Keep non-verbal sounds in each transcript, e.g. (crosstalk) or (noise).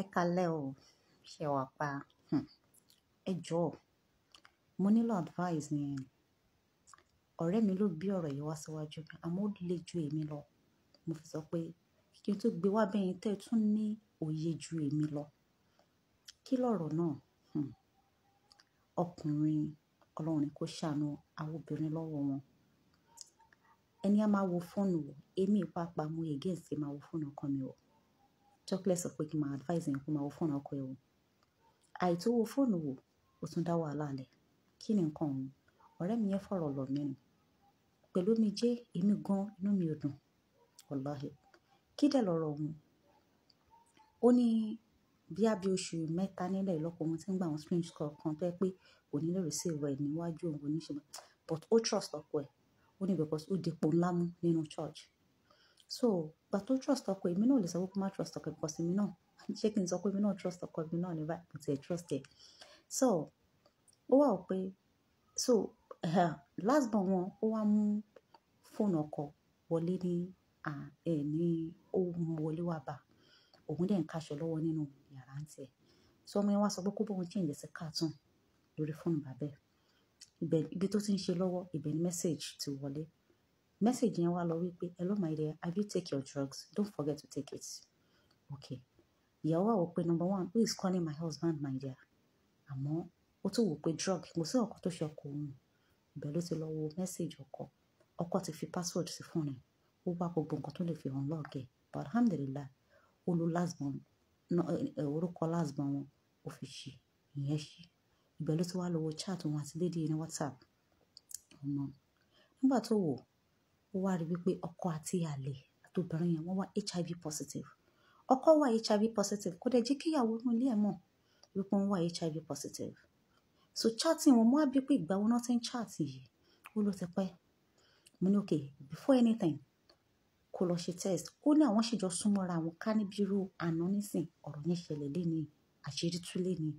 Ẹ kalẹ́ o, ṣe wà pa? Hmm. Ẹ jọ̀ọ́, mo nílò advice ni. Ọ̀rẹ́ mi ló gbé ọ̀rọ̀ yìí wá síwájú mi, àmọ́ ó le ju èmi lọ. Mo fi sọ pé kí n tó gbé wá bẹ́yìn tẹ́ tún ní òye ju èmi lọ. Kí lọ̀rọ̀ náà? Hm. Ọkùnrin, Ọlọ́run ni ṣàánú àwọn obìnrin lọ́wọ́ wọn. Ẹni a máa wo fóònù wò, èmi pàápàá mo against máa wo fóònù ọkọ mi wò. Chocolate sọ pé kí n máa advise yẹn kó máa wo fóònù ọkọ ẹ̀ wò àìtó wo fóònù wò ó tún dá wàhálà lẹ̀ kí ni nǹkan òun ọ̀rẹ́ mi yẹn fọ̀rọ̀ lọ̀ mí ni pẹ̀lú mi jẹ́ èmi gan inú mi ò dùn wàláhì kí dẹ̀ lọ́rọ̀ òun ó ní bíá bí oṣù mẹ́ta nílẹ̀ lọ́pọ̀ ohun tí ń gba àwọn strange kan tó yẹ pé kò ní lè receive ẹ̀ níwájú òun oníṣẹ́ but ó trust ọkọ ẹ̀ ó ní because ó depo ńlá mú nínú church so gbà tó trust ọkọ èmi náà lè sọ pé kó má trust ọkọ because èmi náà (laughs) ṣé kí n sọ pé èmi náà trust ọkọ èmi náà ní báyìí kò tiẹ̀ trust ẹ̀ so ó wà ó pé so uh, last born wọn ó wá mú fóònù ọkọ wọlé ní ẹ̀ ní ohun wọlé wà bá òun dẹ̀ ń kaṣọ lọ́wọ́ nínú yàrá ń tiẹ̀ so ọmọ yẹn wá sọ pé kó bóun change sí cartoon lórí fóònù bàbẹ́ ibẹ̀ ibi tó ti ń ṣe lọ́wọ́ ibẹ̀ ni message ti wọlé Message yẹn wá lọ wípé hello my dear have you take your drugs don't forget to take it okay ìyàwó àwọn pé number one who is calling my husband my dear àmọ́ ó tún wò pé drug kò sí ọkọ tó ṣe ọkọ òun ibẹ̀ ló ti lọ wo message ọkọ ọkọ ti fi password sí fún rẹ̀ ó wá gbogbo nǹkan tó lè fi hàn lọ́ọ̀gẹ̀ but alhamdulillah ó lo lásbọn orúkọ lásbọn wọn ó fi ṣe ìyẹn ṣe ibẹ̀ ló ti wá lọ wo chat wọn àti lédi ní whatsapp ọmọ nígbà tó wò ó wá rí wípé ọkọ àti àlè àtobìnrin yẹn wọ́n wá hiv positive ọkọ wá hiv positive kò dẹ̀ jẹ́ kí ìyàwó inú ilé ẹ̀ mọ̀ wípé wọ́n wá hiv positive so chatting wọn mo á bí pé ìgbà wo náà ti ń chat yìí ó ló ti pẹ́ mo ní okay before anything kó lọ ṣe test ó ní àwọn ṣèjọ súnmọ́ra àwọn ká níbi irú àná nísìn ọ̀rọ̀ yẹn ṣẹlẹ̀ lẹ́ni àṣírí tú lẹ́ni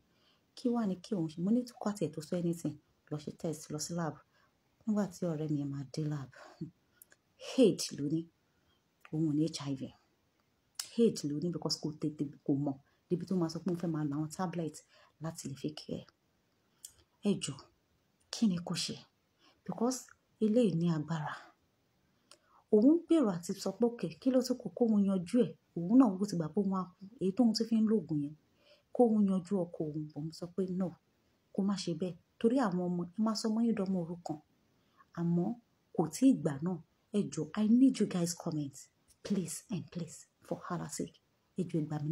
kí wàá ní kí òun ṣe mo ní kó àti ètò sọ anything lọ ṣe test lọ sí lab nígbà tí ọ̀rẹ́ mi máa dé lab hate ló ní òun ò ní hiv hate ló ní because kò tètè kò mọ̀ débi tó máa sọ pé òun fẹ́ máa lo àwọn tablet láti lè fi kẹ́ ẹ jọ kí ni kò ṣe because eléyìí ní agbára òun gbèrò àti sọ pé òkè kí ló tún kó kóun yanjú ẹ òun náà wò ti gbà pé òun á kú èyí tóun ti fi ń lògùn yẹn kóun yanjú ọkọ òun òun sọ pé no kó má ṣe bẹ́ẹ̀ torí àwọn ọmọ ẹ má sọ mọyìn dọmọ òrukàn àmọ́ kò tí ì gbà náà Ejo, i need you guys comments, please and please for Allah's sake Ejo,